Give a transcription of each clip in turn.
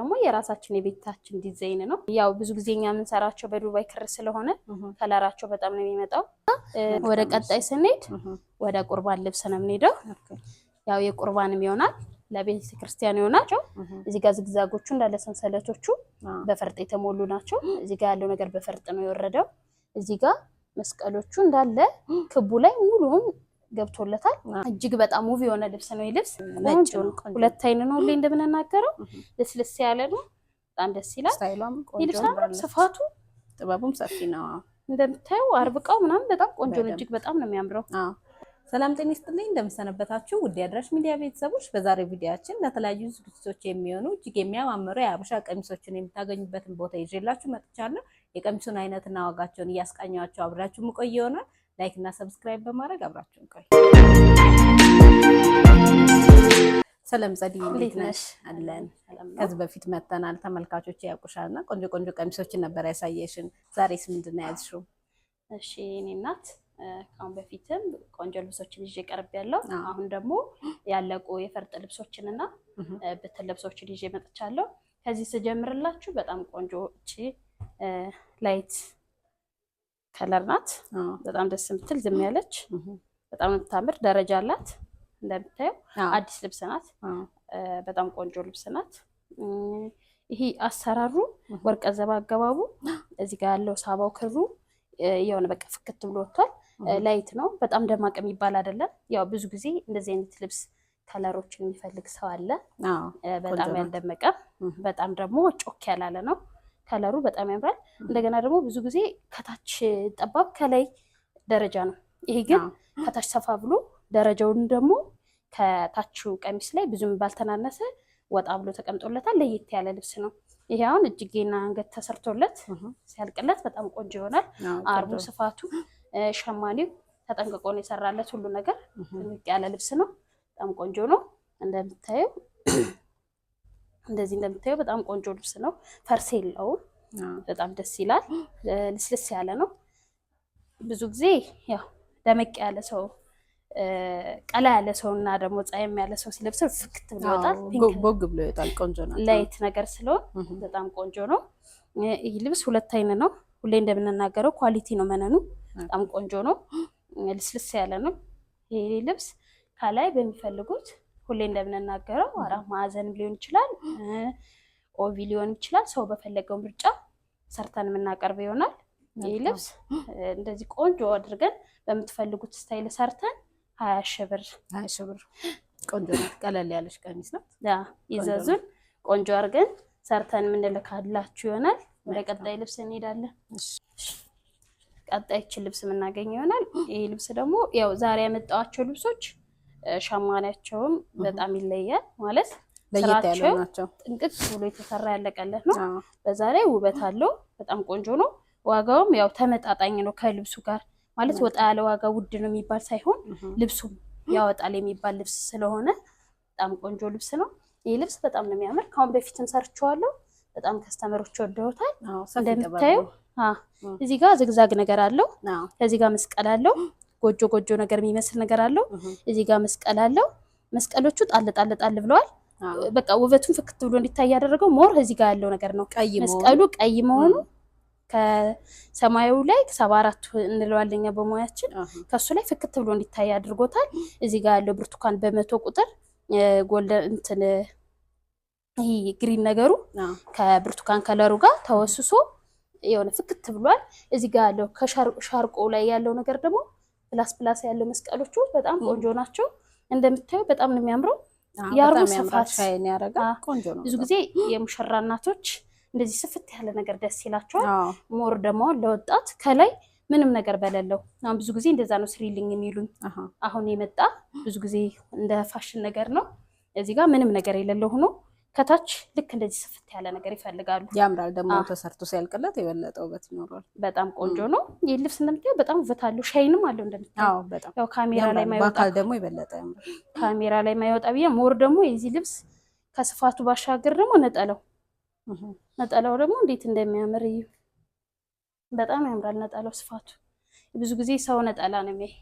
ደግሞ የራሳችን የቤታችን ዲዛይን ነው። ያው ብዙ ጊዜ እኛ የምንሰራቸው በዱባይ ክር ስለሆነ ከለራቸው በጣም ነው የሚመጣው። ወደ ቀጣይ ስንሄድ ወደ ቁርባን ልብስ ነው የምንሄደው። ያው የቁርባንም ይሆናል ለቤተ ክርስቲያን ይሆናቸው። እዚህ ጋር ዝግዛጎቹ እንዳለ ሰንሰለቶቹ በፈርጥ የተሞሉ ናቸው። እዚህ ጋር ያለው ነገር በፈርጥ ነው የወረደው። እዚህ ጋር መስቀሎቹ እንዳለ ክቡ ላይ ሙሉም። ገብቶለታል። እጅግ በጣም ውብ የሆነ ልብስ ነው። ልብስ ሁለት አይን ነው ሁሌ እንደምንናገረው ልስልስ ያለ ነው። በጣም ደስ ይላል። ስፋቱ ጥበቡም ሰፊ ነው። እንደምታየው አርብቃው ምናምን በጣም ቆንጆ ነው። እጅግ በጣም ነው የሚያምረው። ሰላም ጤና ይስጥልኝ። እንደምሰነበታችሁ ውድ አድራሽ ሚዲያ ቤተሰቦች፣ በዛሬው ቪዲያችን ለተለያዩ ዝግጅቶች የሚሆኑ እጅግ የሚያማምሩ የሀበሻ ቀሚሶችን የምታገኙበትን ቦታ ይዤላችሁ መጥቻለሁ። የቀሚሱን አይነትና ዋጋቸውን እያስቃኘኋቸው አብራችሁ ምቆይ ይሆናል። ላይክ እና ሰብስክራይብ በማድረግ አብራችሁን ቆዩ። ሰላም ጸዲ፣ እንዴት ነሽ? አለን። ከዚህ በፊት መተናል፣ ተመልካቾች ያውቁሻል እና ቆንጆ ቆንጆ ቀሚሶችን ነበር ያሳየሽን። ዛሬስ ምንድን ነው እሺ እኔ እናት ከአሁን በፊትም ቆንጆ ልብሶችን ይዤ ቀርብ ያለው አሁን ደግሞ ያለቁ የፈርጥ ልብሶችን እና ብትን ልብሶችን ይዤ መጥቻለሁ። ከዚህ ስጀምርላችሁ በጣም ቆንጆ እቺ ላይት ከለር ናት። በጣም ደስ የምትል ዝም ያለች በጣም የምታምር ደረጃ አላት። እንደምታየው አዲስ ልብስ ናት። በጣም ቆንጆ ልብስ ናት። ይሄ አሰራሩ ወርቀ ዘባ አገባቡ እዚህ ጋር ያለው ሳባው ክሩ የሆነ በቃ ፍክት ብሎ ወጥቷል። ላይት ነው በጣም ደማቅ የሚባል አይደለም። ያው ብዙ ጊዜ እንደዚህ አይነት ልብስ ከለሮችን የሚፈልግ ሰው አለ። በጣም ያልደመቀ በጣም ደግሞ ጮክ ያላለ ነው። ከለሩ በጣም ያምራል። እንደገና ደግሞ ብዙ ጊዜ ከታች ጠባብ ከላይ ደረጃ ነው። ይሄ ግን ከታች ሰፋ ብሎ ደረጃውን ደግሞ ከታች ቀሚስ ላይ ብዙም ባልተናነሰ ወጣ ብሎ ተቀምጦለታል። ለየት ያለ ልብስ ነው። ይሄ አሁን እጅጌና አንገት ተሰርቶለት ሲያልቅለት በጣም ቆንጆ ይሆናል። አርቡ፣ ስፋቱ፣ ሸማኔው ተጠንቅቆ ነው የሰራለት ሁሉ ነገር። ያለ ልብስ ነው። በጣም ቆንጆ ነው እንደምታየው እንደዚህ እንደምታየው በጣም ቆንጆ ልብስ ነው። ፈርስ የለውም። በጣም ደስ ይላል። ልስልስ ያለ ነው። ብዙ ጊዜ ያው ደመቅ ያለ ሰው ቀላ ያለ ሰው እና ደግሞ ፀየም ያለ ሰው ሲለብስ ፍክት ብሎ ይወጣል፣ ቦግ ብሎ ይወጣል። ቆንጆ ነው። ላይት ነገር ስለሆን በጣም ቆንጆ ነው። ይህ ልብስ ሁለት አይን ነው። ሁሌ እንደምንናገረው ኳሊቲ ነው መነኑ። በጣም ቆንጆ ነው። ልስልስ ያለ ነው ይህ ልብስ ከላይ በሚፈልጉት ሁሌ እንደምንናገረው አራት ማዕዘንም ሊሆን ይችላል፣ ኦቪ ሊሆን ይችላል። ሰው በፈለገው ምርጫ ሰርተን የምናቀርብ ይሆናል። ይህ ልብስ እንደዚህ ቆንጆ አድርገን በምትፈልጉት ስታይል ሰርተን ሀያ ሺህ ብር ሀያ ሺህ ብር ቆንጆ ናት። ቀለል ያለች ቀሚስ ናት። ይዘዙን። ቆንጆ አድርገን ሰርተን የምንልካላችሁ ይሆናል። ወደ ቀጣይ ልብስ እንሄዳለን። ቀጣይችን ልብስ የምናገኝ ይሆናል። ይህ ልብስ ደግሞ ያው ዛሬ ያመጣዋቸው ልብሶች ሸማኔያቸውም በጣም ይለያል ማለት ስራቸው ጥንቅቅ ብሎ የተሰራ ያለቀለት ነው። በዛ ላይ ውበት አለው። በጣም ቆንጆ ነው። ዋጋውም ያው ተመጣጣኝ ነው ከልብሱ ጋር ማለት ወጣ ያለ ዋጋ ውድ ነው የሚባል ሳይሆን ልብሱም ያወጣል የሚባል ልብስ ስለሆነ በጣም ቆንጆ ልብስ ነው። ይህ ልብስ በጣም ነው የሚያምር። ከአሁን በፊትም ሰርቼዋለሁ። በጣም ከስተመሮች ወደውታል። እንደምታየው እዚህ ጋር ዝግዛግ ነገር አለው። ከዚህ ጋር መስቀል አለው። ጎጆ ጎጆ ነገር የሚመስል ነገር አለው። እዚህ ጋር መስቀል አለው። መስቀሎቹ ጣል ጣል ጣል ብለዋል። በቃ ውበቱን ፍክት ብሎ እንዲታይ ያደረገው ሞር እዚህ ጋር ያለው ነገር ነው። መስቀሉ ቀይ መሆኑ ከሰማዩ ላይ ሰባ አራቱ እንለዋለን እኛ በሙያችን ከሱ ላይ ፍክት ብሎ እንዲታይ አድርጎታል። እዚህ ጋር ያለው ብርቱካን በመቶ ቁጥር ጎልደን እንትን ግሪን ነገሩ ከብርቱካን ከለሩ ጋር ተወስሶ የሆነ ፍክት ብሏል። እዚህ ጋር ያለው ከሻርቆ ላይ ያለው ነገር ደግሞ ፕላስ ፕላስ ያለው መስቀሎቹ በጣም ቆንጆ ናቸው። እንደምታዩ በጣም ነው የሚያምረው። የአርሙ ስፋት ቆንጆ ነው። ብዙ ጊዜ የሙሽራ እናቶች እንደዚህ ስፍት ያለ ነገር ደስ ይላቸዋል። ሞር ደግሞ ለወጣት ከላይ ምንም ነገር በሌለው አሁን ብዙ ጊዜ እንደዛ ነው ስሪልኝ የሚሉኝ። አሁን የመጣ ብዙ ጊዜ እንደ ፋሽን ነገር ነው። እዚህ ጋር ምንም ነገር የሌለው ሆኖ ከታች ልክ እንደዚህ ስፍት ያለ ነገር ይፈልጋሉ። ያምራል ደግሞ ተሰርቶ ሲያልቅለት የበለጠ ውበት ይኖራል። በጣም ቆንጆ ነው። ይህ ልብስ እንደምታየው በጣም ውበት አለው። ሻይንም አለው እንደምታየው ካሜራ ላይ ማይወጣ ደግሞ የበለጠ ያምራል። ካሜራ ላይ ማይወጣ ብዬ ሞር ደግሞ የዚህ ልብስ ከስፋቱ ባሻገር ደግሞ ነጠለው ነጠላው ደግሞ እንዴት እንደሚያምር እዩ። በጣም ያምራል ነጠለው ስፋቱ። ብዙ ጊዜ ሰው ነጠላ ነው የሚያይ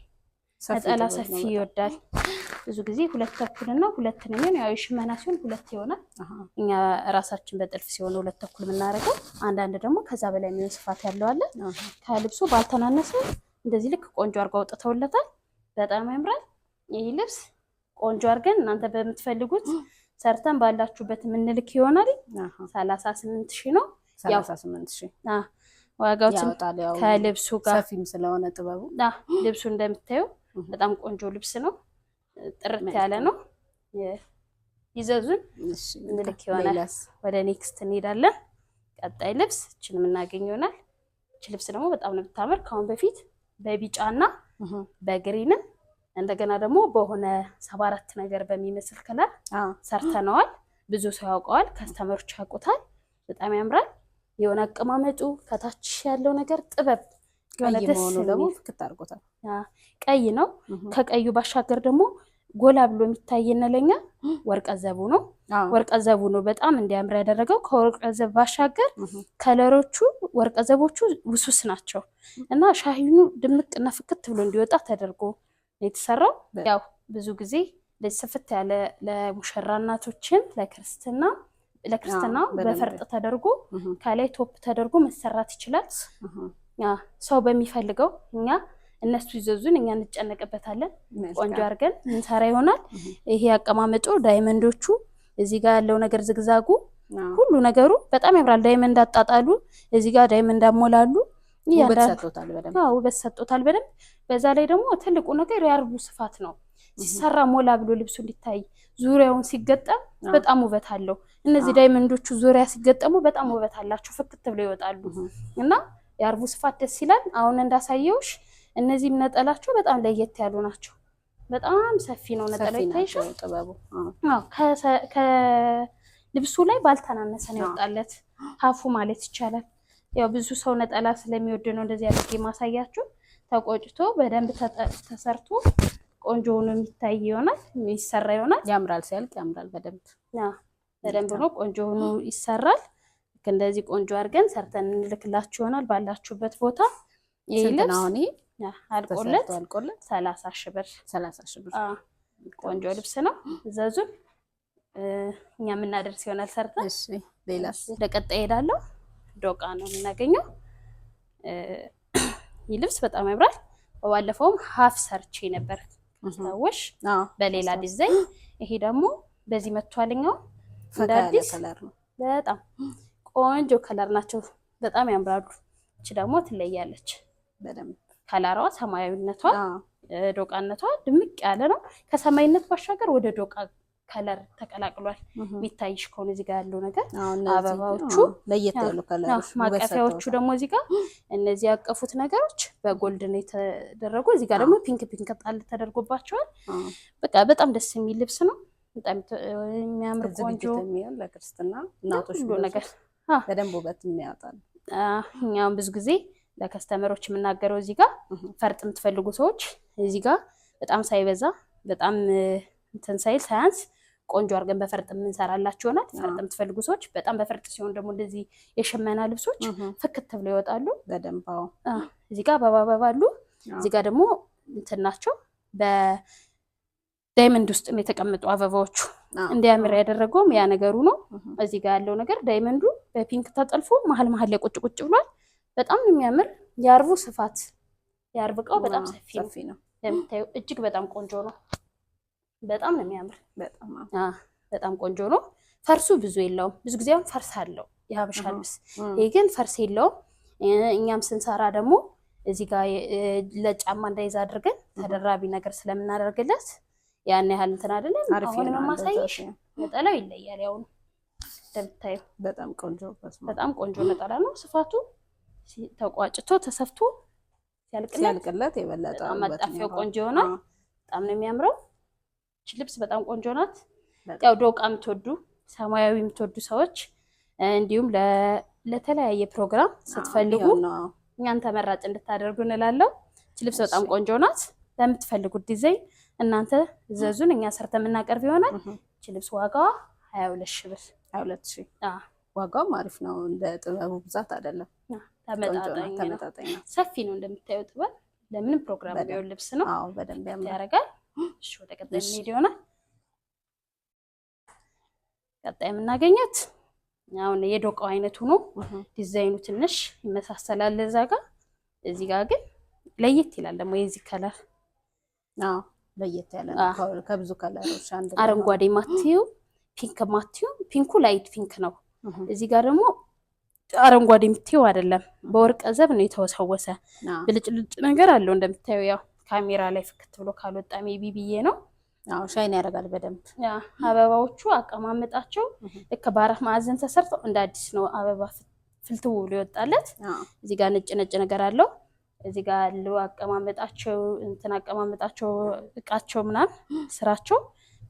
ነጠላ ሰፊ ይወዳል። ብዙ ጊዜ ሁለት ተኩልና ሁለት ነው። ያው የሽመና ሲሆን ሁለት ይሆናል። እኛ ራሳችን በጥልፍ ሲሆን ሁለት ተኩል የምናደርገው፣ አንዳንድ ደግሞ ከዛ በላይ የሚሆን ስፋት ያለው አለ። ከልብሱ ባልተናነሰ እንደዚህ ልክ ቆንጆ አድርገው አውጥተውለታል። በጣም ያምራል ይህ ልብስ። ቆንጆ አድርገን እናንተ በምትፈልጉት ሰርተን ባላችሁበት የምንልክ ይሆናል። ሰላሳ ስምንት ሺህ ነው። ሰላሳ ስምንት ሺህ ዋጋው ከልብሱ ጋር ሰፊም ስለሆነ ጥበቡ ልብሱ እንደምታዩ በጣም ቆንጆ ልብስ ነው። ጥርት ያለ ነው። ይዘዙን ምልክ ይሆናል። ወደ ኔክስት እንሄዳለን። ቀጣይ ልብስ እችን የምናገኝ ይሆናል። እች ልብስ ደግሞ በጣም ነው የምታምር። ከአሁን በፊት በቢጫና በግሪንም እንደገና ደግሞ በሆነ ሰባ አራት ነገር በሚመስል ከለር ሰርተነዋል። ብዙ ሰው ያውቀዋል፣ ከስተመሮች ያውቁታል። በጣም ያምራል። የሆነ አቀማመጡ ከታች ያለው ነገር ጥበብ የሆነ ደስ ደግሞ ፍክት አድርጎታል። ቀይ ነው። ከቀዩ ባሻገር ደግሞ ጎላ ብሎ የሚታየን ለኛ ዘቡ ነው። ወርቀ ዘቡ ነው በጣም እንዲያምር ያደረገው። ከወርቀ ዘብ ባሻገር ከለሮቹ ወርቀ ዘቦቹ ውሱስ ናቸው እና ሻሂኑ ድምቅና ፍክት ብሎ እንዲወጣ ተደርጎ የተሰራው ያው ብዙ ጊዜ ስፍት ያለ ለሙሽራ እናቶችን ለክርስትና ለክርስትና በፈርጥ ተደርጎ ከላይ ቶፕ ተደርጎ መሰራት ይችላል። ሰው በሚፈልገው እኛ እነሱ ይዘዙን፣ እኛ እንጨነቅበታለን። ቆንጆ አድርገን እንሰራ ይሆናል። ይሄ አቀማመጡ ዳይመንዶቹ፣ እዚህ ጋር ያለው ነገር ዝግዛጉ፣ ሁሉ ነገሩ በጣም ያምራል። ዳይመንድ አጣጣሉ፣ እዚህ ጋር ዳይመንድ አሞላሉ ውበት ሰጥቶታል በደንብ። በዛ ላይ ደግሞ ትልቁ ነገር የአርቡ ስፋት ነው። ሲሰራ ሞላ ብሎ ልብሱ እንዲታይ ዙሪያውን ሲገጠም በጣም ውበት አለው። እነዚህ ዳይመንዶቹ ዙሪያ ሲገጠሙ በጣም ውበት አላቸው። ፍክት ብለው ይወጣሉ እና የአርቡ ስፋት ደስ ይላል። አሁን እንዳሳየውሽ እነዚህም ነጠላቸው በጣም ለየት ያሉ ናቸው። በጣም ሰፊ ነው ነጠላ ይታይሻል። ከልብሱ ላይ ባልተናነሰ ነው ያወጣለት ሀፉ ማለት ይቻላል። ያው ብዙ ሰው ነጠላ ስለሚወድ ነው እንደዚህ አድርጌ ማሳያችሁ። ተቆጭቶ በደንብ ተሰርቶ ቆንጆ ሆኖ የሚታይ ይሆናል፣ ይሰራ ይሆናል። ያምራል፣ ሲያልቅ ያምራል። በደንብ በደንብ ነው ቆንጆ ሆኖ ይሰራል። ልክ እንደዚህ ቆንጆ አድርገን ሰርተን እንልክላችሁ ይሆናል። ባላችሁበት ቦታ ይህ ልብስ አልቆለት ሰላሳ ሺህ ብር ቆንጆ ልብስ ነው። ዘዙን እኛ የምናደርስ ይሆናል ሰርተን። ሌላ ለቀጣይ ዶቃ ነው የምናገኘው። ይህ ልብስ በጣም ያምራል። በባለፈውም ሀፍ ሰርቼ ነበር ሰዎች በሌላ ዲዛይን። ይሄ ደግሞ በዚህ መቷልኛው እንደ አዲስ በጣም ቆንጆ ከለር ናቸው፣ በጣም ያምራሉ። እች ደግሞ ትለያለች በደንብ ከለሯ፣ ሰማያዊነቷ፣ ዶቃነቷ ድምቅ ያለ ነው። ከሰማይነት ባሻገር ወደ ዶቃ ከለር ተቀላቅሏል። የሚታይሽ ከሆነ እዚህ ጋር ያለው ነገር አበባዎቹ ለየት ያሉ ማቀፊያዎቹ ደግሞ እዚህ ጋር እነዚህ ያቀፉት ነገሮች በጎልድ ነው የተደረጉ። እዚህ ጋር ደግሞ ፒንክ ፒንክ ጣል ተደርጎባቸዋል። በቃ በጣም ደስ የሚል ልብስ ነው። በጣም የሚያምር ቆንጆ ነገር በደንብ ውበት የሚያወጣል። እኛም ብዙ ጊዜ ለከስተመሮች የምናገረው እዚህ ጋር ፈርጥ የምትፈልጉ ሰዎች እዚህ ጋር በጣም ሳይበዛ በጣም እንትን ሳይል ሳያንስ ቆንጆ አድርገን በፈርጥ የምንሰራላችሁ ይሆናል። ፈርጥ የምትፈልጉ ሰዎች በጣም በፈርጥ ሲሆን ደግሞ እንደዚህ የሽመና ልብሶች ፍክት ብለው ይወጣሉ። በደንብ እዚህ ጋር አበባ አበባ አሉ። እዚህ ጋር ደግሞ እንትን ናቸው ዳይመንድ ውስጥ ነው የተቀመጡ አበባዎቹ። እንዲያምር ያደረገውም ያ ነገሩ ነው። እዚህ ጋር ያለው ነገር ዳይመንዱ በፒንክ ተጠልፎ መሀል መሀል ላይ ቁጭ ቁጭ ብሏል። በጣም ነው የሚያምር። የአርቡ ስፋት የአርብ እቃው በጣም ሰፊ ነው። ለምታዩ እጅግ በጣም ቆንጆ ነው። በጣም ነው የሚያምር። በጣም ቆንጆ ነው። ፈርሱ ብዙ የለውም። ብዙ ጊዜም ፈርስ አለው የሀበሻ ልብስ፣ ይህ ግን ፈርስ የለውም። እኛም ስንሰራ ደግሞ እዚህ ጋር ለጫማ እንዳይዛ አድርገን ተደራቢ ነገር ስለምናደርግለት ያን ያህል እንትን አይደለም። አሁን የማሳይሽ ነጠላው ይለያል። ያው እንደምታየው በጣም ቆንጆ በጣም ቆንጆ ነጠላ ነው። ስፋቱ ተቋጭቶ ተሰፍቶ ሲያልቅለት የበለጠ ቆንጆ ይሆናል። በጣም ነው የሚያምረው። ይች ልብስ በጣም ቆንጆ ናት። ያው ዶቃ የምትወዱ ሰማያዊ የምትወዱ ሰዎች እንዲሁም ለተለያየ ፕሮግራም ስትፈልጉ እኛን ተመራጭ እንድታደርጉ እንላለው። ይች ልብስ በጣም ቆንጆ ናት። ለምትፈልጉት ዲዛይን እናንተ ዘዙን እኛ ሰርተ የምናቀርብ ይሆናል። እቺ ልብስ ዋጋዋ ሀያ ሁለት ሺ ብር ሀያ ሁለት ሺ ዋጋውም አሪፍ ነው። እንደ ጥበቡ ብዛት አይደለም፣ ተመጣጣኝ ነው። ሰፊ ነው እንደምታየው ጥበብ ለምንም ፕሮግራም የሚሆን ልብስ ነው። አዎ በደንብ ያደርጋል። እሺ ወደ ቀጣይ ምን ይሆናል? ቀጣይ የምናገኘት አሁን የዶቃው አይነት ሆኖ ዲዛይኑ ትንሽ ይመሳሰላል እዛ ጋር፣ እዚህ ጋር ግን ለየት ይላል ደግሞ የዚህ ከለር ለየት ያለ ነው ከብዙ ከለሮች አንድ አረንጓዴ ማትዩ ፒንክ ማትዩ ፒንኩ ላይት ፒንክ ነው። እዚህ ጋር ደግሞ አረንጓዴ የምትየው አይደለም፣ በወርቀ ዘብ ነው የተወሰወሰ ብልጭልጭ ነገር አለው። እንደምታየው ያው ካሜራ ላይ ፍክት ብሎ ካልወጣ ሜቢ ብዬ ነው። ሻይን ያደርጋል በደንብ አበባዎቹ አቀማመጣቸው ልክ በአራት ማዕዘን ተሰርተው እንደ አዲስ ነው አበባ ፍልትው ብሎ ይወጣለት። እዚህ ጋር ነጭ ነጭ ነገር አለው። እዚህ ጋር ያለው አቀማመጣቸው እንትን አቀማመጣቸው እቃቸው ምናምን ስራቸው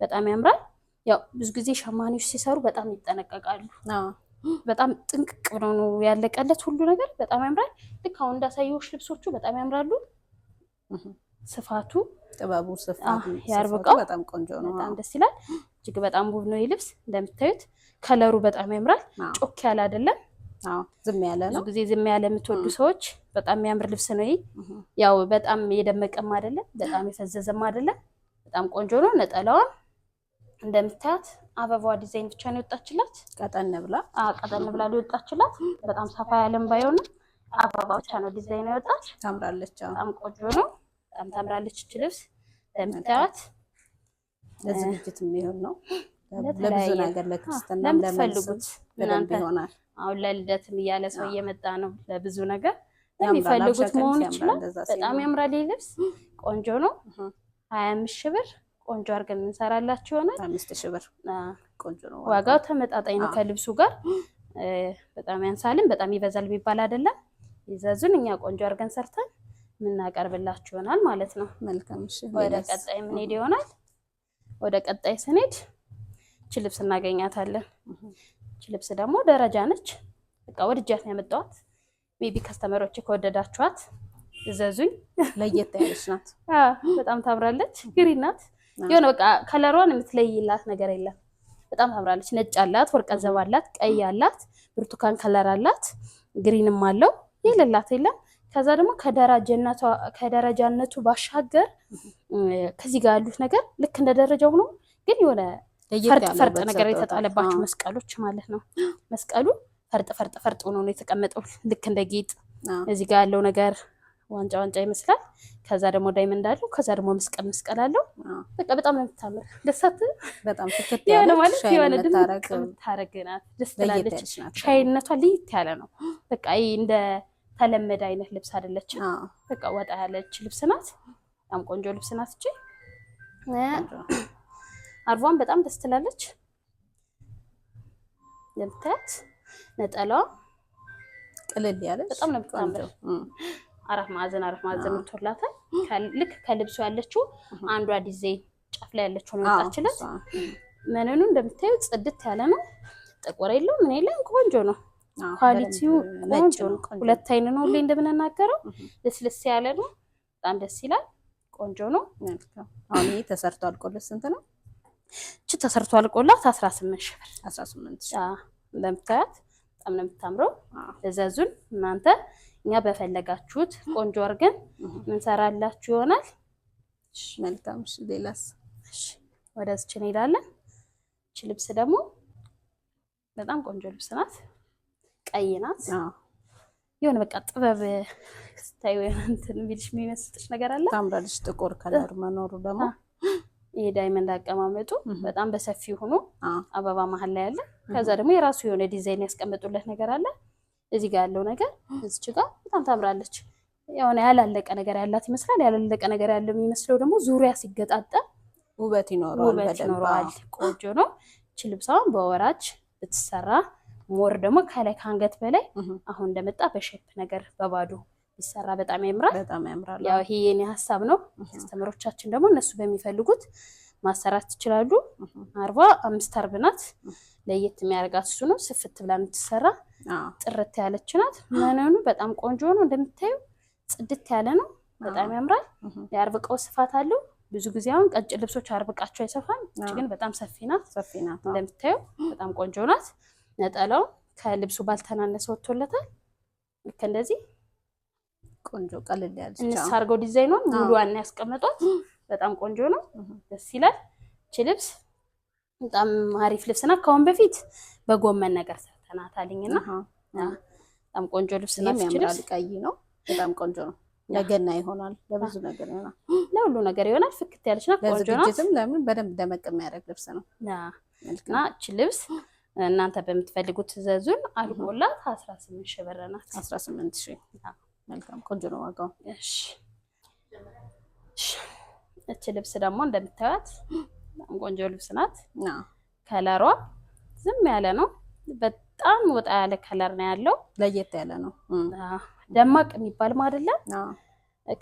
በጣም ያምራል። ያው ብዙ ጊዜ ሸማኔዎች ሲሰሩ በጣም ይጠነቀቃሉ። በጣም ጥንቅቅ ብሎ ነው ያለቀለት ሁሉ ነገር በጣም ያምራል። ልክ አሁን እንዳሳየዎች ልብሶቹ በጣም ያምራሉ። ስፋቱ ጥበቡ ያርብቀው በጣም ቆንጆ ነው። በጣም ደስ ይላል። እጅግ በጣም ውብ ነው ይህ ልብስ እንደምታዩት። ከለሩ በጣም ያምራል። ጮክ ያለ አይደለም። ዝም ያለ ነው። ብዙ ጊዜ ዝም ያለ የምትወዱ ሰዎች በጣም የሚያምር ልብስ ነው። ያው በጣም የደመቀም አይደለም፣ በጣም የፈዘዘም አይደለም። በጣም ቆንጆ ነው። ነጠላዋን እንደምታያት አበባዋ ዲዛይን ብቻ ነው የወጣችላት። ቀጠን ብላ ቀጠን ብላ ሊወጣችላት በጣም ሰፋ ያለም ባይሆንም አበባ ብቻ ነው ዲዛይን የወጣች። ታምራለች። በጣም ቆንጆ ነው። በጣም ታምራለች። እች ልብስ እንደምታያት ለዝግጅት የሚሆን ነው። ለብዙ ነገር ለክርስትና ለምትፈልጉት ይሆናል። አሁን ለልደትም እያለ ሰው እየመጣ ነው። ለብዙ ነገር የሚፈልጉት መሆን ይችላል። በጣም ያምራል ልብስ ቆንጆ ነው። ሀያ አምስት ሺህ ብር ቆንጆ አድርገን እንሰራላችሁ ይሆናል። አምስት ሺህ ብር ቆንጆ ነው። ዋጋው ተመጣጣኝ ነው ከልብሱ ጋር። በጣም ያንሳልም በጣም ይበዛል የሚባል አይደለም። ይዘዙን፣ እኛ ቆንጆ አድርገን ሰርተን የምናቀርብላችሁ ይሆናል ማለት ነው። ወደ ቀጣይ ምንሄድ ይሆናል። ወደ ቀጣይ ስንሄድ እች ልብስ እናገኛታለን። እች ልብስ ደግሞ ደረጃ ነች። በቃ ወድጃት ነው ያመጣኋት። ሜቢ ከስተመሮች ከወደዳችኋት እዘዙኝ። ለየት ያለች ናት፣ በጣም ታምራለች። ግሪን ናት። የሆነ በቃ ከለሯን የምትለይላት ነገር የለም። በጣም ታምራለች። ነጭ አላት፣ ወርቀ ዘብ አላት፣ ቀይ አላት፣ ብርቱካን ከለር አላት፣ ግሪንም አለው። የሌላት የለም። ከዛ ደግሞ ከደረጃነቱ ባሻገር ከዚህ ጋር ያሉት ነገር ልክ እንደ ደረጃው ነው፣ ግን የሆነ ፈርጥ ፈርጥ ነገር የተጣለባቸው መስቀሎች ማለት ነው። መስቀሉ ፈርጥ ፈርጥ ፈርጥ ሆኖ ነው የተቀመጠው፣ ልክ እንደ ጌጥ። እዚህ ጋር ያለው ነገር ዋንጫ ዋንጫ ይመስላል። ከዛ ደግሞ ዳይመንድ አለው። ከዛ ደግሞ መስቀል መስቀል አለው። በቃ በጣም ነው የምታምር። ደሳት በጣም ያለ ማለት የሆነ ድምቅ የምታረግ ናት። ደስ ትላለች። ሻይነቷ ልይት ያለ ነው። በቃ ይህ እንደ ተለመደ አይነት ልብስ አይደለችም። በቃ ወጣ ያለች ልብስ ናት። በጣም ቆንጆ ልብስ ናት እቺ አርቧን በጣም ደስ ትላለች። ለምታያት ነጠላዋ ቅልል ያለ በጣም ነው የምታምረው። አራት ማዕዘን አራት ማዕዘን ምትወላታል። ልክ ከልብሱ ያለችው አንዷ ዲዛይን ጫፍ ላይ ያለችው ነው ወጣችለት። መነኑ እንደምታዩ ጽድት ያለ ነው። ጥቁር የለው ምን የለም ቆንጆ ነው። ኳሊቲው ቆንጆ ነው። ሁለት አይን ነው ሁሌ እንደምንናገረው ልስልስ ያለ ነው። በጣም ደስ ይላል። ቆንጆ ነው። አሁን ይሄ ተሰርቶ አልቆለት ስንት ነው? እች ተሰርቶ አልቆላት 18 ሺህ ብር 18 ሺህ እንደምታያት በጣም ነው የምታምረው። እዘዙን እናንተ እኛ በፈለጋችሁት ቆንጆ አድርገን እንሰራላችሁ ይሆናል። እሺ መልካም። እሺ ሌላስ? እሺ ወደዚች እንሄዳለን። እቺ ልብስ ደግሞ በጣም ቆንጆ ልብስ ናት። ቀይ ናት። የሆነ በቃ ጥበብ ስታይ ስታዩ እንትን የሚልሽ የሚመስጥሽ ነገር አለ። ታምራልሽ። ጥቁር ከለር መኖሩ ደግሞ ይሄ ዳይመንድ አቀማመጡ በጣም በሰፊ ሆኖ አበባ መሀል ላይ አለ። ከዛ ደግሞ የራሱ የሆነ ዲዛይን ያስቀምጡለት ነገር አለ። እዚህ ጋር ያለው ነገር እዚች ጋር በጣም ታምራለች። የሆነ ያላለቀ ነገር ያላት ይመስላል። ያላለቀ ነገር ያለው የሚመስለው ደግሞ ዙሪያ ሲገጣጠም ውበት ይኖረዋል። ይኖረዋል። ቆንጆ ነው። እች ልብሳውን በወራጅ ብትሰራ ሞር ደግሞ ከላይ ከአንገት በላይ አሁን እንደመጣ በሼፕ ነገር በባዶ ይሰራ በጣም ያምራል። በጣም ያምራል። ያው ይሄ የኔ ሀሳብ ነው። ከስተመሮቻችን ደግሞ እነሱ በሚፈልጉት ማሰራት ትችላሉ። አርባ አምስት አርብ ናት። ለየት የሚያደርጋት እሱ ነው። ስፍት ብላ የምትሰራ ጥርት ያለች ናት። መነኑ በጣም ቆንጆ ነው። እንደምታዩ ጽድት ያለ ነው። በጣም ያምራል። የአርብ ስፋት አለው። ብዙ ጊዜ አሁን ቀጭን ልብሶች አርብቃቸው አይሰፋም። እች ግን በጣም ሰፊ ናት። ሰፊ ናት። እንደምታዩ በጣም ቆንጆ ናት። ነጠላው ከልብሱ ባልተናነሰ ወጥቶለታል። ልክ እንደዚህ ቆንጆ ቀልል ያለች እንስ አድርገው ዲዛይኗን ሙሉዋን ያስቀመጧት በጣም ቆንጆ ነው፣ ደስ ይላል። እቺ ልብስ በጣም አሪፍ ልብስ ናት። ከአሁን በፊት በጎመን ነገር ሰርተናታልኝና በጣም ቆንጆ ልብስ ናት። እቺ ልብስ ቀይ ነው፣ በጣም ቆንጆ ነው። ለገና ይሆናል፣ ለብዙ ነገር ይሆናል፣ ለሁሉ ነገር ይሆናል። ፍክት ያለች ናት፣ ቆንጆ ናት። ለምን በደንብ ደመቅ የሚያደርግ ልብስ ነው እና እቺ ልብስ እናንተ በምትፈልጉት ዘዙን አልቆላት ስምንት ሺህ ብር ናት። ስምንት ሺህ መልካም ቆንጆ ነው ዋጋው። እሺ እቺ ልብስ ደግሞ እንደምታዩት በጣም ቆንጆ ልብስ ናት። ከለሯ ዝም ያለ ነው። በጣም ወጣ ያለ ከለር ነው ያለው። ለየት ያለ ነው። ደማቅ የሚባልም አይደለም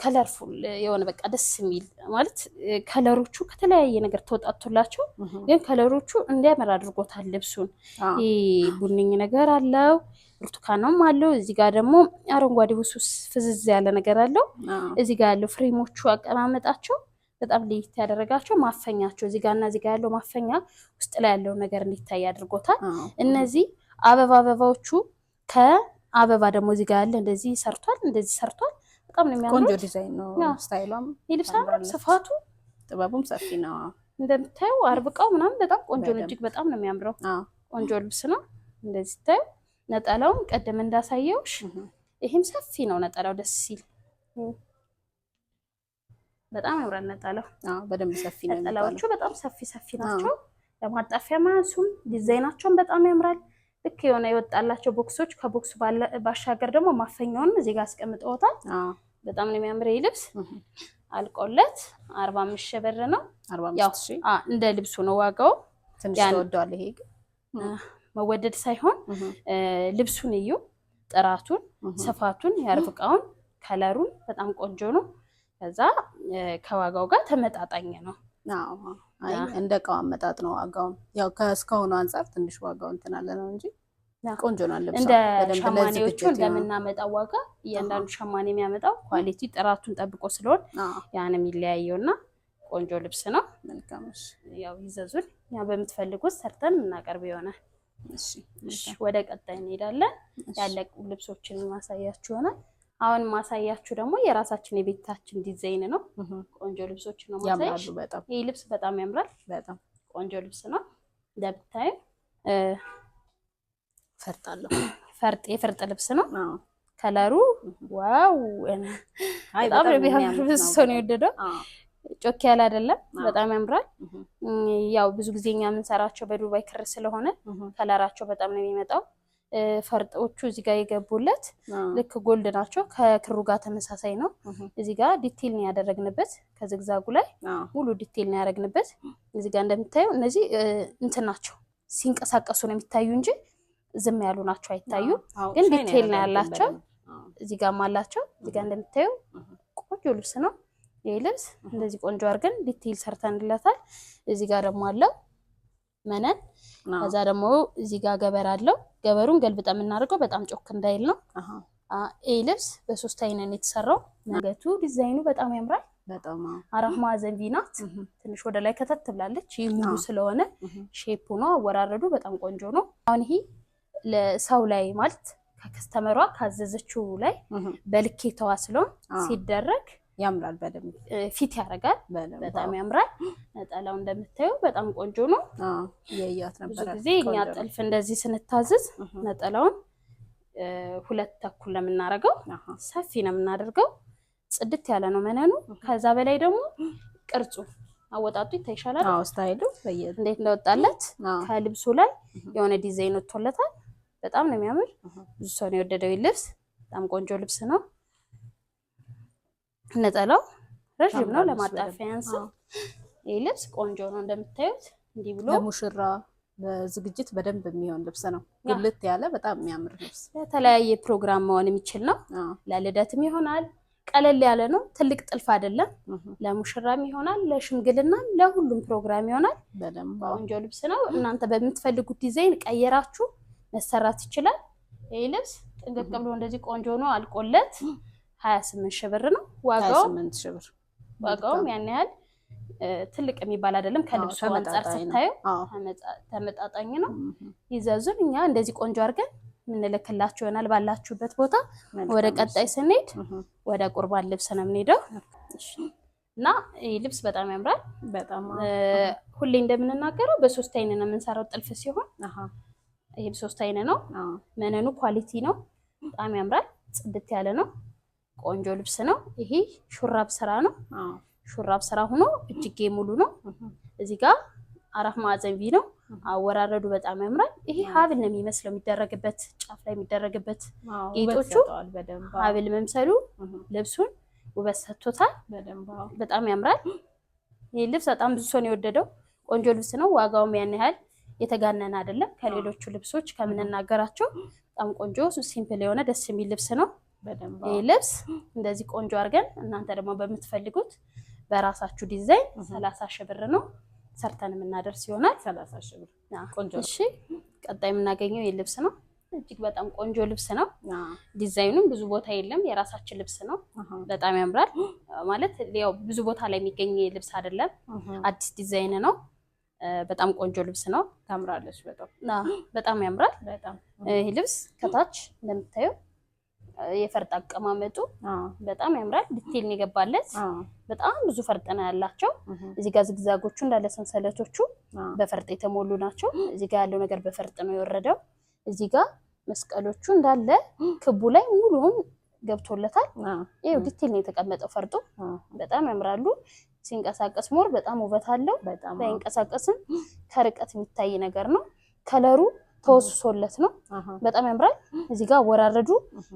ከለርፉል የሆነ በቃ ደስ የሚል ማለት ከለሮቹ ከተለያየ ነገር ተወጣቶላቸው ግን ከለሮቹ እንዲያምር አድርጎታል ልብሱን። ቡኒኝ ነገር አለው፣ ብርቱካንም አለው። እዚህ ጋር ደግሞ አረንጓዴ ውሱስ ፍዝዝ ያለ ነገር አለው። እዚህ ጋር ያለው ፍሬሞቹ አቀማመጣቸው በጣም ልይት ያደረጋቸው ማፈኛቸው እዚህ ጋር እና እዚህ ጋር ያለው ማፈኛ ውስጥ ላይ ያለው ነገር እንዲታይ አድርጎታል። እነዚህ አበባ አበባዎቹ ከአበባ ደግሞ እዚህ ጋር ያለ እንደዚህ ሰርቷል፣ እንደዚህ ሰርቷል በጣም ነው የሚያምሩት። ቆንጆ ዲዛይን ነው። ስታይሏም የልብስ ስፋቱ ጥበቡም ሰፊ ነው። እንደምታዩ አርብ ምናምን በጣም ቆንጆ ነው። እጅግ በጣም ነው የሚያምረው። ቆንጆ ልብስ ነው። እንደዚህ ታዩ። ነጠላውም ቀደም እንዳሳየውሽ ይህም ሰፊ ነው። ነጠላው ደስ ሲል በጣም ያምራል። ነጠላው በደንብ ሰፊ ነው። ነጠላዎቹ በጣም ሰፊ ሰፊ ናቸው። ለማጣፊያ ማያንሱም። ዲዛይናቸውን በጣም ያምራል። ልክ የሆነ የወጣላቸው ቦክሶች ከቦክሱ ባሻገር ደግሞ ማፈኛውን እዚህ ጋር አስቀምጠውታል። በጣም ነው የሚያምር ልብስ አልቆለት አርባ አምስት ሺህ ብር ነው። እንደ ልብሱ ነው ዋጋው። ትንሽ ተወዷል። ይሄ መወደድ ሳይሆን ልብሱን እዩ፣ ጥራቱን፣ ስፋቱን፣ የአርብ እቃውን፣ ከለሩን በጣም ቆንጆ ነው። ከዛ ከዋጋው ጋር ተመጣጣኝ ነው። እንደ እቃው አመጣጥ ነው ዋጋውን። ያው ከእስካሁኑ አንጻር ትንሽ ዋጋው እንትናለ ነው እንጂ ቆንጆ ናለ። እንደ ሸማኔዎቹ እንደምናመጣው ዋጋ እያንዳንዱ ሸማኔ የሚያመጣው ኳሊቲ ጥራቱን ጠብቆ ስለሆን ያን የሚለያየው እና ቆንጆ ልብስ ነው። ያው ይዘዙን፣ ያ በምትፈልጉት ሰርተን እናቀርብ ይሆናል። ወደ ቀጣይ እንሄዳለን። ያለቁ ልብሶችን ማሳያችሁ ይሆናል። አሁን ማሳያችሁ ደግሞ የራሳችን የቤታችን ዲዛይን ነው። ቆንጆ ልብሶች ነው ማሳያሽ። ይህ ልብስ በጣም ያምራል። በጣም ቆንጆ ልብስ ነው እንደምታዩ ፈርጣለሁ። ፈርጥ የፈርጥ ልብስ ነው ከለሩ። ዋው በጣም ቢያምር ብዙ ሰው ነው የወደደው። ጮክ ያለ አይደለም፣ በጣም ያምራል። ያው ብዙ ጊዜ እኛ የምንሰራቸው በዱባይ ክር ስለሆነ ከለራቸው በጣም ነው የሚመጣው። ፈርጦቹ እዚህ ጋር የገቡለት ልክ ጎልድ ናቸው። ከክሩ ጋር ተመሳሳይ ነው። እዚህ ጋር ዲቴል ነው ያደረግንበት። ከዝግዛጉ ላይ ሙሉ ዲቴል ነው ያደረግንበት። እዚህ ጋር እንደምታየው እነዚህ እንትን ናቸው፣ ሲንቀሳቀሱ ነው የሚታዩ እንጂ ዝም ያሉ ናቸው፣ አይታዩም፣ ግን ዲቴል ነው ያላቸው። እዚህ ጋም አላቸው። እዚህ ጋ እንደምታዩ ቆንጆ ልብስ ነው። ይህ ልብስ እንደዚህ ቆንጆ አድርገን ዲቴል ሰርተንለታል። እዚህ ጋ ደግሞ አለው መነን፣ ከዛ ደግሞ እዚህ ጋ ገበር አለው። ገበሩን ገልብጠ የምናደርገው በጣም ጮክ እንዳይል ነው። ይህ ልብስ በሶስት አይነን የተሰራው ነገቱ ዲዛይኑ በጣም ያምራል። አራት ማዕዘን ቪናት ትንሽ ወደ ላይ ከተት ብላለች። ይህ ሙሉ ስለሆነ ሼፑ ነው አወራረዱ በጣም ቆንጆ ነው። አሁን ይሄ ለሰው ላይ ማለት ከከስተመሯ ካዘዘችው ላይ በልኬታዋ ስለሆን ሲደረግ ያምራል። በደንብ ፊት ያደርጋል። በጣም ያምራል። ነጠላው እንደምታየው በጣም ቆንጆ ነው። ብዙ ጊዜ እኛ ጥልፍ እንደዚህ ስንታዘዝ ነጠላውን ሁለት ተኩል ነው የምናደርገው። ሰፊ ነው የምናደርገው። ጽድት ያለ ነው መነኑ። ከዛ በላይ ደግሞ ቅርጹ አወጣጡ ይታይሻላል። ስታይሉ እንዴት እንደወጣለት ከልብሱ ላይ የሆነ ዲዛይን ወጥቶለታል። በጣም ነው የሚያምር። ብዙ ሰው ነው የወደደው ልብስ። በጣም ቆንጆ ልብስ ነው። ነጠላው ረዥም ነው ለማጣፊያ ያንስ። ይህ ልብስ ቆንጆ ነው እንደምታዩት። እንዲህ ብሎ ለሙሽራ ለዝግጅት በደንብ የሚሆን ልብስ ነው። ግልት ያለ በጣም የሚያምር ልብስ፣ ለተለያየ ፕሮግራም መሆን የሚችል ነው። ለልደትም ይሆናል። ቀለል ያለ ነው። ትልቅ ጥልፍ አይደለም። ለሙሽራም ይሆናል፣ ለሽምግልናም፣ ለሁሉም ፕሮግራም ይሆናል። በደንብ ቆንጆ ልብስ ነው። እናንተ በምትፈልጉት ዲዛይን ቀየራችሁ መሰራት ይችላል። ይህ ልብስ ጥንቅቅ ብሎ እንደዚህ ቆንጆ ነው አልቆለት ሀያ ስምንት ሺህ ብር ነው ዋጋው። ዋጋውም ያን ያህል ትልቅ የሚባል አይደለም። ከልብሱ አንጻር ስታዩ ተመጣጣኝ ነው። ይዘዙን። እኛ እንደዚህ ቆንጆ አድርገን የምንልክላችሁ ይሆናል ባላችሁበት ቦታ። ወደ ቀጣይ ስንሄድ ወደ ቁርባን ልብስ ነው የምንሄደው እና ይህ ልብስ በጣም ያምራል። በጣም ሁሌ እንደምንናገረው በሶስት አይነት ነው የምንሰራው ጥልፍ ሲሆን ይሄ ሶስት አይነ ነው። መነኑ ኳሊቲ ነው፣ በጣም ያምራል። ጽድት ያለ ነው። ቆንጆ ልብስ ነው። ይሄ ሹራብ ስራ ነው። ሹራብ ስራ ሆኖ እጅጌ ሙሉ ነው። እዚህ ጋር አራት ማዕዘን ቪ ነው። አወራረዱ በጣም ያምራል። ይሄ ሀብል ነው የሚመስለው የሚደረግበት ጫፍ ላይ የሚደረግበት ጌጦቹ ሀብል መምሰሉ ልብሱን ውበት ሰጥቶታል። በጣም ያምራል። ይህ ልብስ በጣም ብዙ ሰው ነው የወደደው። ቆንጆ ልብስ ነው። ዋጋውም ያን ያህል የተጋነነ አይደለም። ከሌሎቹ ልብሶች ከምንናገራቸው በጣም ቆንጆ ሲምፕል የሆነ ደስ የሚል ልብስ ነው። ይህ ልብስ እንደዚህ ቆንጆ አድርገን እናንተ ደግሞ በምትፈልጉት በራሳችሁ ዲዛይን ሰላሳ ሺህ ብር ነው ሰርተን የምናደርስ ይሆናል። ሰላሳ ሺህ ብር ቆንጆ። እሺ፣ ቀጣይ የምናገኘው ይህ ልብስ ነው። እጅግ በጣም ቆንጆ ልብስ ነው። ዲዛይኑም ብዙ ቦታ የለም፣ የራሳችን ልብስ ነው። በጣም ያምራል። ማለት ያው ብዙ ቦታ ላይ የሚገኝ ልብስ አይደለም፣ አዲስ ዲዛይን ነው። በጣም ቆንጆ ልብስ ነው። ታምራለች። በጣም በጣም ያምራል። ይህ ልብስ ከታች እንደምታየው የፈርጥ አቀማመጡ በጣም ያምራል። ዲቴል የገባለት በጣም ብዙ ፈርጥ ነው ያላቸው። እዚህ ጋር ዝግዛጎቹ እንዳለ ሰንሰለቶቹ በፈርጥ የተሞሉ ናቸው። እዚህ ጋር ያለው ነገር በፈርጥ ነው የወረደው። እዚህ ጋር መስቀሎቹ እንዳለ ክቡ ላይ ሙሉውን ገብቶለታል። ይሄው ዲቴል ነው የተቀመጠው። ፈርጡ በጣም ያምራሉ። ሲንቀሳቀስ ሞር በጣም ውበት አለው። ባይንቀሳቀስም ከርቀት የሚታይ ነገር ነው። ከለሩ ተወስሶለት ነው። በጣም ያምራል። እዚህ ጋር ወራረዱ፣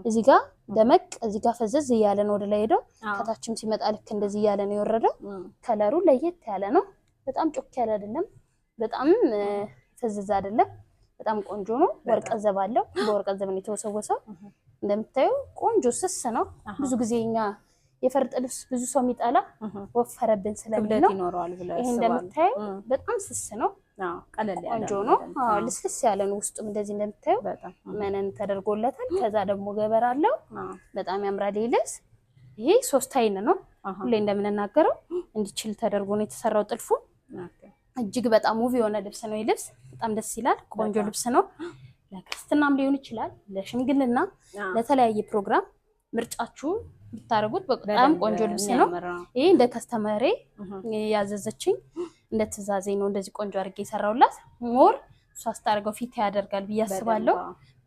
እዚህ ጋር ደመቅ፣ እዚህ ጋር ፈዘዝ እያለ ነው ወደ ላይ ሄደው። ከታችም ሲመጣ ልክ እንደዚህ እያለ ነው የወረደው። ከለሩ ለየት ያለ ነው። በጣም ጮክ ያለ አይደለም፣ በጣም ፈዘዝ አይደለም። በጣም ቆንጆ ነው። ዘብ አለው። ዘብ ነው የተወሰወሰው። እንደምታየው ቆንጆ ስስ ነው። ብዙ ጊዜ እኛ የፈርጥ ልብስ ብዙ ሰው የሚጠላ ወፈረብን ስለሚል ነው። ይሄ እንደምታየው በጣም ስስ ነው፣ ቆንጆ ነው፣ ልስልስ ያለ ነው። ውስጡም እንደዚህ እንደምታየው መነን ተደርጎለታል። ከዛ ደግሞ ገበር አለው። በጣም ያምራል ልብስ። ይሄ ሶስት አይን ነው። ሁሌ እንደምንናገረው እንዲችል ተደርጎ ነው የተሰራው ጥልፉ። እጅግ በጣም ውብ የሆነ ልብስ ነው። ልብስ በጣም ደስ ይላል። ቆንጆ ልብስ ነው። ለክርስትናም ሊሆን ይችላል፣ ለሽምግልና፣ ለተለያየ ፕሮግራም ምርጫችሁ ብታደርጉት በጣም ቆንጆ ልብስ ነው። ይህ እንደ ከስተመሬ ያዘዘችኝ እንደ ትእዛዜ ነው። እንደዚህ ቆንጆ አድርጌ የሰራውላት ሞር እሷ ስታደርገው ፊት ያደርጋል ብዬ አስባለሁ።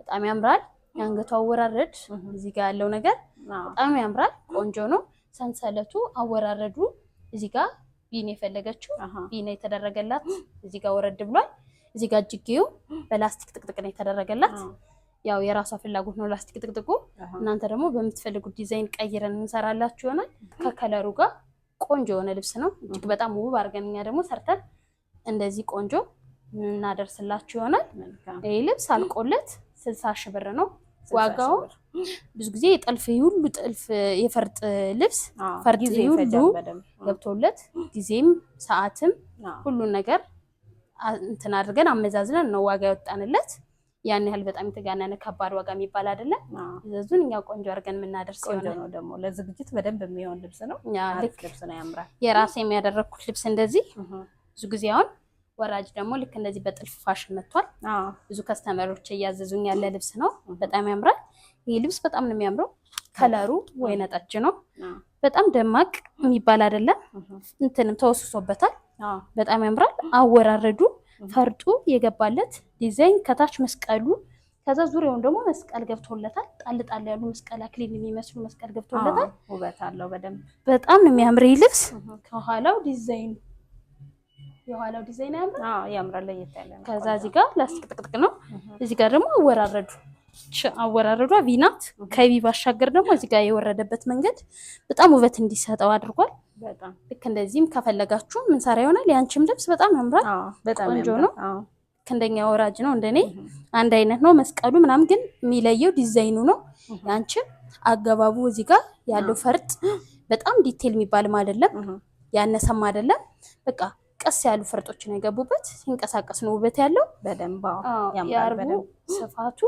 በጣም ያምራል። የአንገቷ አወራረድ እዚህ ጋር ያለው ነገር በጣም ያምራል። ቆንጆ ነው። ሰንሰለቱ አወራረዱ እዚህ ጋር ቢን የፈለገችው ቢን የተደረገላት እዚህ ጋር ወረድ ብሏል። እዚህ ጋር እጅጌው በላስቲክ ጥቅጥቅ ነው የተደረገላት። ያው የራሷ ፍላጎት ነው ላስቲክ ጥቅጥቁ። እናንተ ደግሞ በምትፈልጉት ዲዛይን ቀይረን እንሰራላችሁ ይሆናል። ከከለሩ ጋር ቆንጆ የሆነ ልብስ ነው። እጅግ በጣም ውብ አድርገን እኛ ደግሞ ሰርተን እንደዚህ ቆንጆ እናደርስላችሁ ይሆናል። ይህ ልብስ አልቆለት ስልሳ ሺህ ብር ነው ዋጋው። ብዙ ጊዜ ጥልፍ ሁሉ ጥልፍ የፈርጥ ልብስ ፈርጥ ሁሉ ገብቶለት ጊዜም ሰዓትም ሁሉን ነገር እንትን አድርገን አመዛዝነን ነው ዋጋ ያወጣንለት። ያን ያህል በጣም የተጋነነ ከባድ ዋጋ የሚባል አይደለም። ዘዙን እኛ ቆንጆ አድርገን የምናደርስ ቆንጆ ነው። ደግሞ ለዝግጅት በደንብ የሚሆን ልብስ ነው። ልብስ ነው፣ ያምራል። የራሴ የሚያደረግኩት ልብስ እንደዚህ ብዙ ጊዜ አሁን ወራጅ ደግሞ ልክ እንደዚህ በጥልፍ ፋሽን መጥቷል። ብዙ ከስተመሮች እያዘዙኝ ያለ ልብስ ነው። በጣም ያምራል። ይህ ልብስ በጣም ነው የሚያምረው። ከለሩ ወይነ ጠጅ ነው። በጣም ደማቅ የሚባል አይደለም። እንትንም ተወስሶበታል። በጣም ያምራል አወራረዱ ፈርጡ የገባለት ዲዛይን ከታች መስቀሉ ከዛ ዙሪያውን ደግሞ መስቀል ገብቶለታል። ጣል ጣል ያሉ መስቀል አክሊል የሚመስሉ መስቀል ገብቶለታል። ውበት አለው በደንብ በጣም ነው የሚያምር ልብስ። ከኋላው ዲዛይን የኋላው ዲዛይን ያምራል። አዎ ያምራል። ከዛ እዚህ ጋር ላስቲክ ጥቅጥቅ ነው። እዚህ ጋር ደግሞ አወራረዱ አወራረዷ ቪናት ከቪ ባሻገር ደግሞ እዚህ ጋር የወረደበት መንገድ በጣም ውበት እንዲሰጠው አድርጓል። ልክ እንደዚህም ከፈለጋችሁ ምንሰራ ይሆናል። የአንቺም ልብስ በጣም ያምራል፣ ቆንጆ ነው። ልክ እንደኛ ወራጅ ነው፣ እንደኔ አንድ አይነት ነው መስቀሉ ምናምን፣ ግን የሚለየው ዲዛይኑ ነው። የአንቺም አገባቡ እዚህ ጋር ያለው ፈርጥ በጣም ዲቴል የሚባልም አይደለም፣ ያነሰም አይደለም። በቃ ቀስ ያሉ ፈርጦችን የገቡበት ሲንቀሳቀስ ነው ውበት ያለው በደንብ የአርቡ ስፋቱ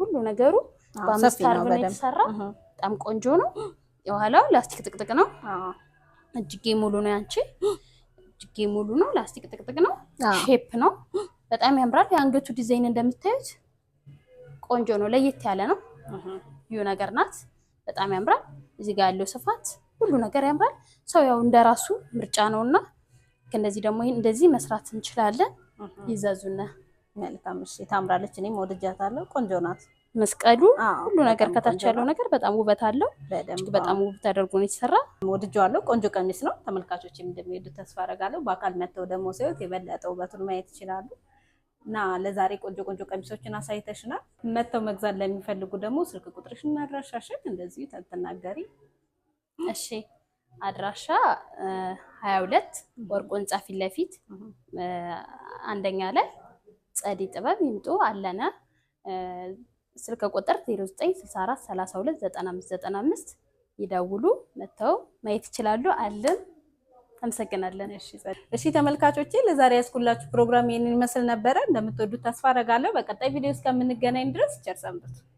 ሁሉ ነገሩ በአምስት አርብ ነው የተሰራ። በጣም ቆንጆ ነው። የኋላው ላስቲክ ጥቅጥቅ ነው። እጅጌ ሙሉ ነው። ያንቺ እጅጌ ሙሉ ነው። ላስቲክ ጥቅጥቅ ነው። ሼፕ ነው። በጣም ያምራል። የአንገቱ ዲዛይን እንደምታዩት ቆንጆ ነው። ለየት ያለ ነው። ዩ ነገር ናት። በጣም ያምራል። እዚህ ጋር ያለው ስፋት ሁሉ ነገር ያምራል። ሰው ያው እንደራሱ ምርጫ ነውና እንደዚህ ደግሞ እንደዚህ መስራት እንችላለን። ይዛዙና። መልካም እሺ፣ ታምራለች። እኔም ወድጃታለሁ። ቆንጆ ናት። መስቀሉ ሁሉ ነገር ከታች ያለው ነገር በጣም ውበት አለው። በጣም ውብ ተደርጎ ነው የተሰራ። ወድጄዋለሁ። ቆንጆ ቀሚስ ነው። ተመልካቾች እንደሚወዱ ተስፋ አደርጋለሁ። በአካል መጥተው ደግሞ ሲወት የበለጠ ውበቱን ማየት ይችላሉ። እና ለዛሬ ቆንጆ ቆንጆ ቀሚሶችን አሳይተሽናል። መጥተው መግዛት ለሚፈልጉ ደግሞ ስልክ ቁጥርሽን አድራሻሽን እንደዚሁ ተናገሪ። እሺ አድራሻ ሀያ ሁለት ወርቅ ህንጻ ፊት ለፊት አንደኛ ላይ ጸዲ ጥበብ ይምጡ አለነ ስልክ ቁጥር 0964329595 ይደውሉ፣ መጥተው ማየት ይችላሉ። አለን። አመሰግናለን። እሺ ተመልካቾቼ፣ ለዛሬ ያስኩላችሁ ፕሮግራም ይህንን ይመስል ነበረ። እንደምትወዱት ተስፋ አደርጋለሁ። በቀጣይ ቪዲዮ እስከምንገናኝ ድረስ ቸር ሰንብቱ።